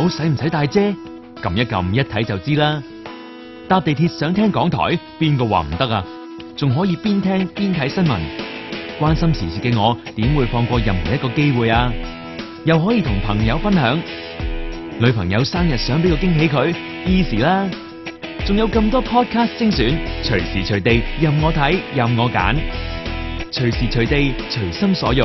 好使唔使帶遮，撳一撳一睇就知啦。搭地鐵想聽港台，邊個話唔得啊？仲可以邊聽邊睇新聞，關心時事嘅我，點會放過任何一個機會啊？又可以同朋友分享，女朋友生日想俾個驚喜佢，Easy 啦。仲有咁多 Podcast 精選，隨時隨地任我睇，任我揀，隨時隨地隨心所欲。